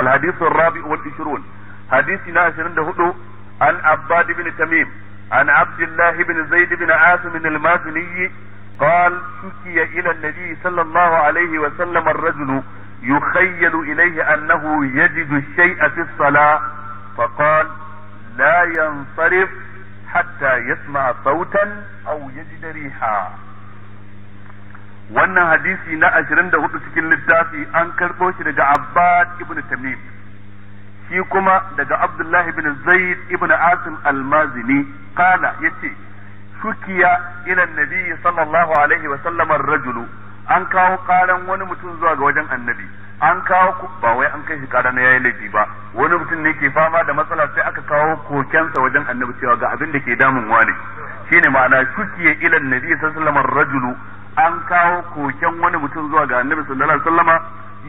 الحديث الرابع والعشرون حديث ناشر عن عباد بن تميم عن عبد الله بن زيد بن عاصم المازني قال شكي إلى النبي صلى الله عليه وسلم الرجل يخيل إليه أنه يجد الشيء في الصلاة فقال لا ينصرف حتى يسمع صوتا أو يجد ريحا wannan hadisi na 24 cikin littafi an karɓo shi daga Abbad ibn Tamim shi kuma daga Abdullah ibn Zaid ibn Asim al-Mazini kana yace shukiya ila nabi sallallahu alaihi wa sallam rajulu an kawo karan wani mutum zuwa ga wajen annabi an kawo ba wai an kai shi karan na yayi laifi ba wani mutum ne ke fama da matsala sai aka kawo kokensa wajen annabi cewa ga abin da ke damun wani shine ma'ana shukiya ila nabi sallallahu alaihi wa sallam rajulu an kawo koken wani mutum zuwa ga annabi sallallahu alaihi wasallama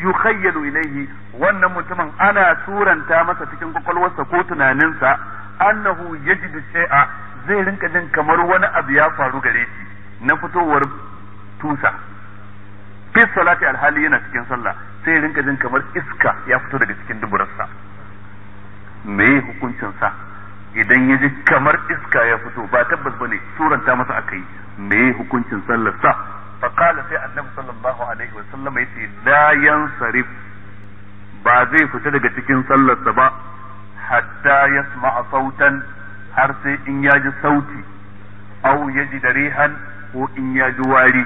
yukhayyalu ilayhi wannan mutumin ana suranta masa cikin kwakwalwarsa ko tunaninsa annahu yajidu shay'a zai rinka jin kamar wani abu ya faru gare shi na fitowar tusa fi salati alhali yana cikin sallah sai rinka jin kamar iska ya fito daga cikin duburarsa me hukuncin sa idan ya ji kamar iska ya fito ba tabbas bane suranta masa akai me hukuncin sallar sa sallallahu alaihi wasallam yace la yansarif ba zai fita daga cikin sallarsa ba hatta yasma'a sautan har sai in yaji sauti aw yaji darihan ko in yaji wari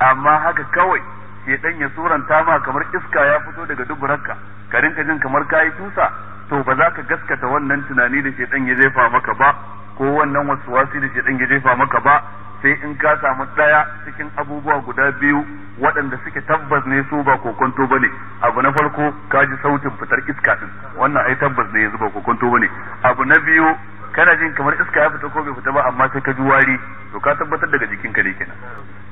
amma haka kawai dan ya suranta ma kamar iska ya fito daga duburarka ka rinka jin kamar kai tusa to ba za ka gaskata wannan tunani da dan ya jefa maka ba ko wannan wasu wasi da shedan ya jefa maka ba sai in ka samu daya cikin abubuwa guda biyu waɗanda suke tabbas ne su ba kokonto ba ne abu na farko ka ji sautin fitar iska din wannan ai tabbas ne yanzu ba kokonto ba ne abu na biyu kana jin kamar iska ya fita ko bai fita ba amma sai ka ji wari to ka tabbatar daga jikinka ne kenan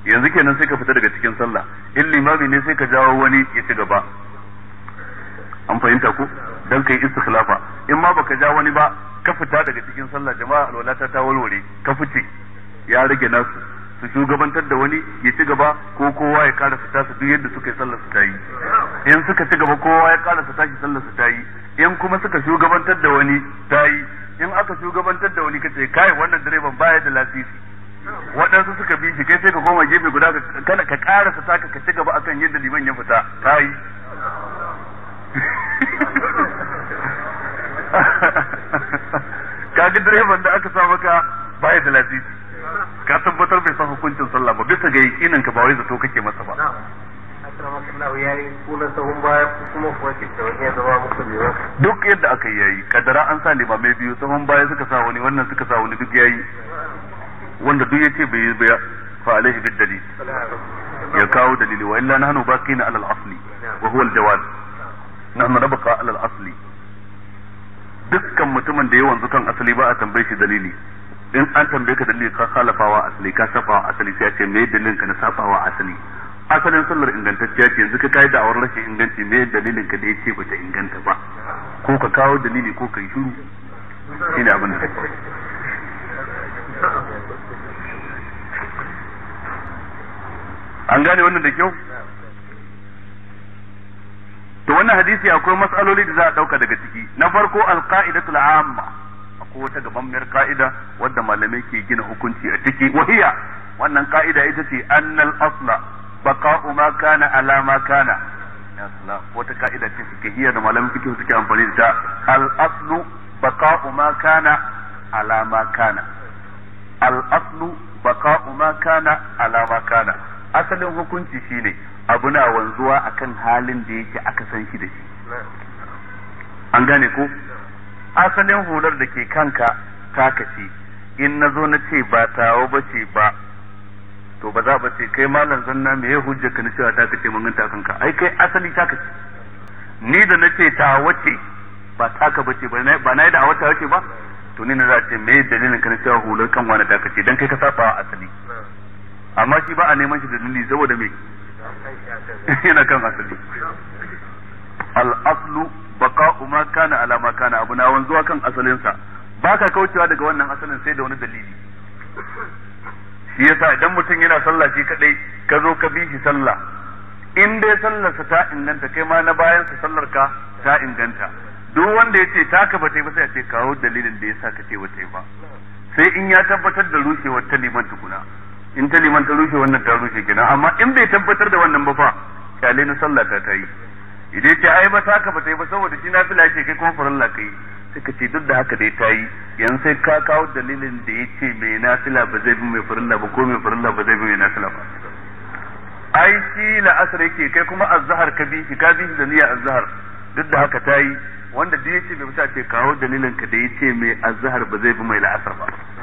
yanzu kenan sai ka fita daga cikin sallah in limami ne sai ka jawo wani ya ci gaba an fahimta ko dan kai istikhlafa in ma baka ja wani ba ka fita daga cikin sallah jama'a alwalata ta warware ka fice ya rage nasu su shugabantar da wani ya ci gaba ko kowa ya kara fita su duk yadda suka yi sallar su ta yi in suka ci gaba kowa ya kara fita shi sallar su ta yi in kuma suka shugabantar da wani ta yi in aka shugabantar da wani kace kai wannan direban baya da lasisi waɗansu suka bi shi kai sai ka koma gefe guda ka kara fita ka ci gaba akan yadda liman ya fita ta yi kaga direban da aka sa maka baya da lasisi ka tabbatar bai san hukuncin sallah ba bisa ga yakinin ka ba wai zato kake masa ba duk yadda aka yayi kadara an sa limamai biyu sahun baya suka sa wani wannan suka sa wani duk yayi wanda duk yace bai yi fa alaihi bid ya kawo dalili wa illa nahnu baqina ala al asli wa huwa al jawaz nahnu nabqa ala al asli dukkan mutumin da ya wanzu kan asali ba a tambaye shi dalili in an tambaye ka dalili ka khalafawa asali ka safawa asali sai ce me dalilin ka na safawa asali asalin sallar ingantacciya ce yanzu ka kai da awar rashin inganci me dalilin ka da yace bata inganta ba ko ka kawo dalili ko kai shiru shine abin da an gane wannan da kyau to wannan hadisi akwai mas'aloli da za a dauka daga ciki na farko alqaidatul amma akwai wata gabammiyar ka'ida wadda malamai ke gina hukunci a ciki wahiya wannan ka'ida ita ce annal asla baqa'u ma kana ala ma kana wata ka'ida ce fiqhiyya da malamai fiqh suke amfani da ta al aslu baqa'u ma kana ala ma kana al aslu baqa'u ma kana ala ma kana asalin hukunci shine abu na wanzuwa akan halin da yake aka san shi da shi an gane ko asalin hular da ke kanka taka ce in na zo na ce ba tawo ba ce ba to ba za ba ce kai malam zanna me ya hujja ka na cewa ta kashe mun ta kanka ai kai asali taka ce ni da na ce ta wace ba taka ba ce ba na yi da a wata wace ba to ni na za ce me dalilin ka na cewa hular kan wani taka ce dan kai ka saba asali amma shi ba a neman shi da dalili saboda me yana kan asali al-aslu baka ma kana ala ma kana abu na wanzuwa kan asalinsa baka kaucewa daga wannan asalin sai da wani dalili shi yasa idan mutum yana sallah shi kadai ka zo ka bi shi sallah in dai sallarsa ta inganta kai ma na bayan sa sallar ka ta inganta duk wanda ya ce ta ka bata ba sai a ce kawo dalilin da yasa ka ce ba ba sai in ya tabbatar da rushewar ta neman tukuna in ta liman ta rushe wannan ta rushe kenan amma in bai tabbatar da wannan ba fa kyale na sallah ta ta yi idan ce ai ba haka ba ta yi ba saboda shi nafila ce kai kuma la kai ka ce duk da haka dai ta yi yanzu sai ka kawo dalilin da ya ce mai nafila ba zai bi mai farilla ba ko mai farilla ba zai bi mai nafila ba ai shi asr yake kai kuma azhar ka bi shi ka bi da niyya azhar duk da haka ta yi wanda da ya ce bai bisa ce kawo dalilin ka da ya ce mai azhar ba zai bi mai la'asar ba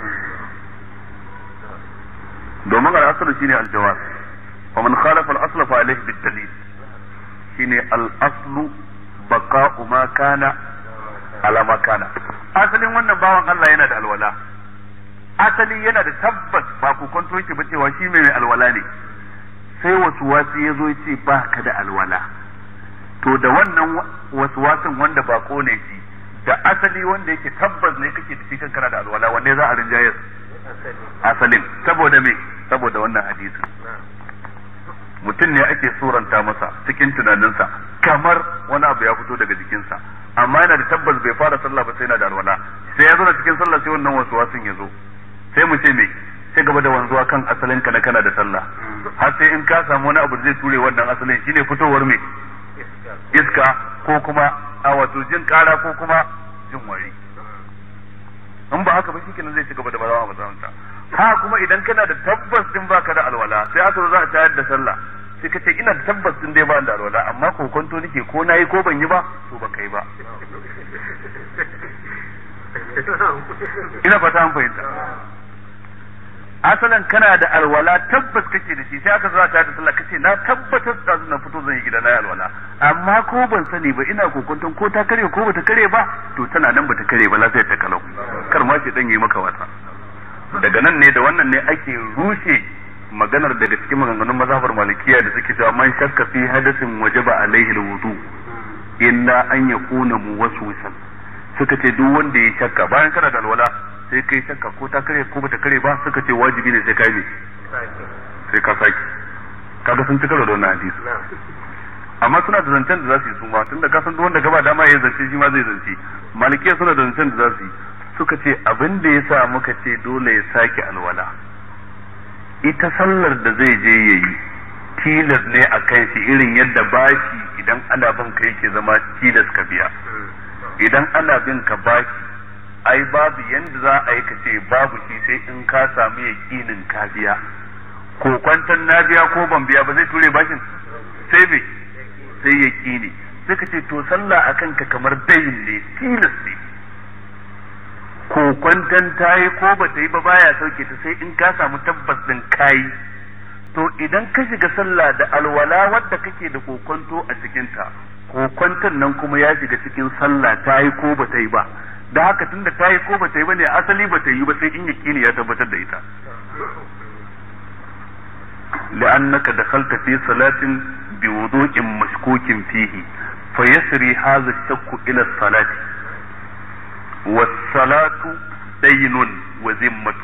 domin shi shine aljawaz wa man khalafa al'asar fa alayhi bid-dalil shine al'aslu baqa'u ma kana ala ma kana asalin wannan bawan Allah yana da alwala asali yana da tabbas ba ku kwanto yake ba cewa shi mai alwala ne sai wasu wasu ya zo ce ba ka da alwala to da wannan wasu wasan wanda ba ne shi da asali wanda yake tabbas ne kake da shi kankana da alwala wanne za a rinjayar asalin saboda me saboda wannan hadisin mutum ne ake suranta masa cikin tunaninsa kamar wani abu ya fito daga jikinsa amma yana da tabbas bai fara sallah ba sai yana da alwala sai ya zo na cikin sallah sai wannan wasu wasin ya zo sai mu ce me sai gaba da wanzuwa kan asalin ka na kana da sallah har sai in ka samu wani abu zai ture wannan asalin shine fitowar me iska ko kuma a wato jin kara ko kuma jin wari in ba haka ba shikenan zai ci gaba da bazawa a matsayinsa ha kuma idan kana da tabbas din baka da alwala sai aka zo za a tayar da sallah sai ka ce ina da tabbas din dai ba da alwala amma kokonto nake ko nayi ko ban yi ba to ba kai ba ina fata an fahimta asalan kana da alwala tabbas kake da shi sai aka zura da sallah kace na tabbatar da zan fito zan yi gida na alwala amma ko ban sani ba ina kokonton ko ta kare ko bata kare ba to tana nan bata kare ba lafiyar ta kalau kar ma shi dan yi maka wata daga nan ne da wannan ne ake rushe maganar daga cikin maganganun mazhabar malikiya da suke cewa man shakka fi hadasin wajaba alaihi alwudu illa an yakuna muwaswisan suka ce duk wanda ya shakka bayan kana da alwala sai kai shakka ko ta kare ko bata kare ba suka ce wajibi ne sai kai ne sai ka saki kaga sun ci da wannan hadisi amma suna da zancen da za su yi su ma tunda ka san duk wanda gaba dama ya zance shi ma zai zance malikiya suna da zancen da za su yi suka ce abin da ya sa muka ce dole ya sake alwala ita sallar da zai je ya yi tilas ne a kan shi irin yadda bashi idan ana bin ka yake zama tilas ka biya idan ana bin ka bashi ai babu yadda za a yi ka ce babu shi sai in ka samu yaƙinin ka biya ko kwantar na biya ko ban biya ba zai ture bashin sai me sai yaƙini suka ce to sallah akan ka kamar dayin ne tilas ne kokwantan ta yi ko ba ta yi ba baya sauke ta sai in ka samu tabbas din kayi to idan ka shiga sallah da alwala wadda kake da kokwanto a cikinta tan nan kuma ya shiga cikin sallah ta yi ko ba ta yi ba da haka tunda ta yi ko ba ta yi ba ne asali ba ta yi ba sai in ne ya tabbatar da ita لأنك دخلت في صلاة بوضوء مشكوك فيه فيسري هذا الشك إلى الصلاة والصلاة دين وذمة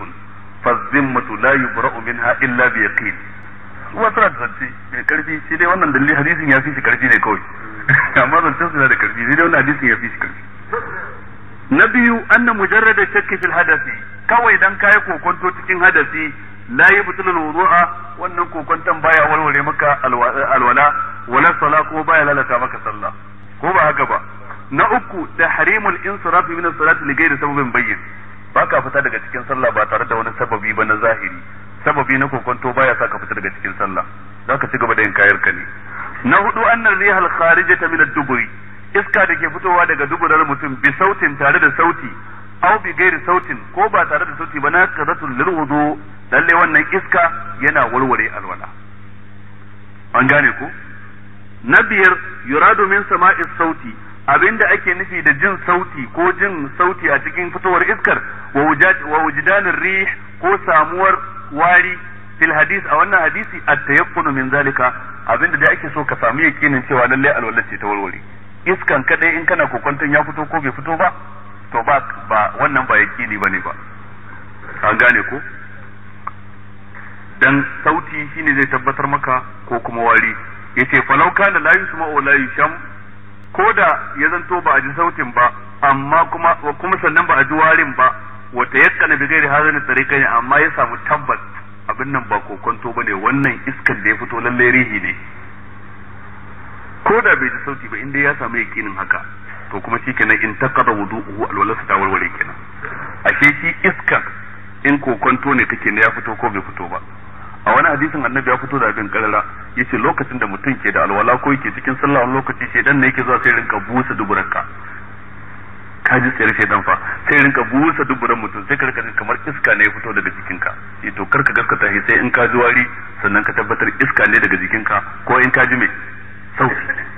فالذمة لا يبرأ منها إلا بيقين wasu da zance mai karfi shi dai wannan dalilin hadisin ya fi shi karfi ne kawai amma zancen suna da karfi shi dai wannan hadisin ya fi karfi na biyu anna mujarrada shakki fil hadasi kawai dan kayi kokonto cikin hadasi layi yubtilu alwudu'a wannan kokonton baya warware maka alwala ko baya lalata maka sallah ko ba haka ba na uku da harimul insirafi min as-salati li ghayri sababin bayyin baka fita daga cikin sallah ba tare da wani sababi ba na zahiri sababi na kokonto baya saka fita daga cikin sallah zaka ci gaba da yin kayar ka ne na hudu annar rihal kharijata min ad-duburi iska da ke fitowa daga duburar mutum bi sautin tare da sauti aw bi ghayri sautin ko ba tare da sauti ba na qadatul lil lalle wannan iska yana warware alwala an gane ko na biyar yuradu min sama'i sauti Abin da ake nufi da jin sauti ko jin sauti a cikin fitowar iskar wa wujdanin rih ko samuwar wari fil hadis a wannan hadisi at-tayaqqunu min zalika abin da ake so ka samu yakinin cewa lalle alwala ce ta warware iskan kadai in kana kokonton ya fito ko bai fito ba to ba wannan ba yakini bane ba an gane ko dan sauti shine zai tabbatar maka ko kuma wari yace falau kana la yusma'u la yusham ko da ya zanto ba a ji sautin ba amma kuma kuma sannan ba a ji warin ba wa na bi ghairi hadhihi ne amma ya samu tabbas abin nan ba kokonto bane wannan iskan da ya fito lalle rihi ne ko da bai ji sauti ba inda ya samu yakinin haka to kuma kenan in taqada wudu'uhu alwalasa ta warware kenan ashe shi iskan in kokonto ne take ne ya fito ko bai fito ba a wani hadisin annabi ya fito da abin karara yace lokacin da mutum ke da alwala ko yake cikin sallah wani lokaci dan ne yake zuwa sai rinka busa duburanka ka ji tsayar dan fa sai rinka busa duburan mutum sai karka rinka kamar iska ne ya fito daga jikinka eh to karka gaskata hi sai in ka ji wari sannan ka tabbatar iska ne daga jikinka ko in ka ji me sauti.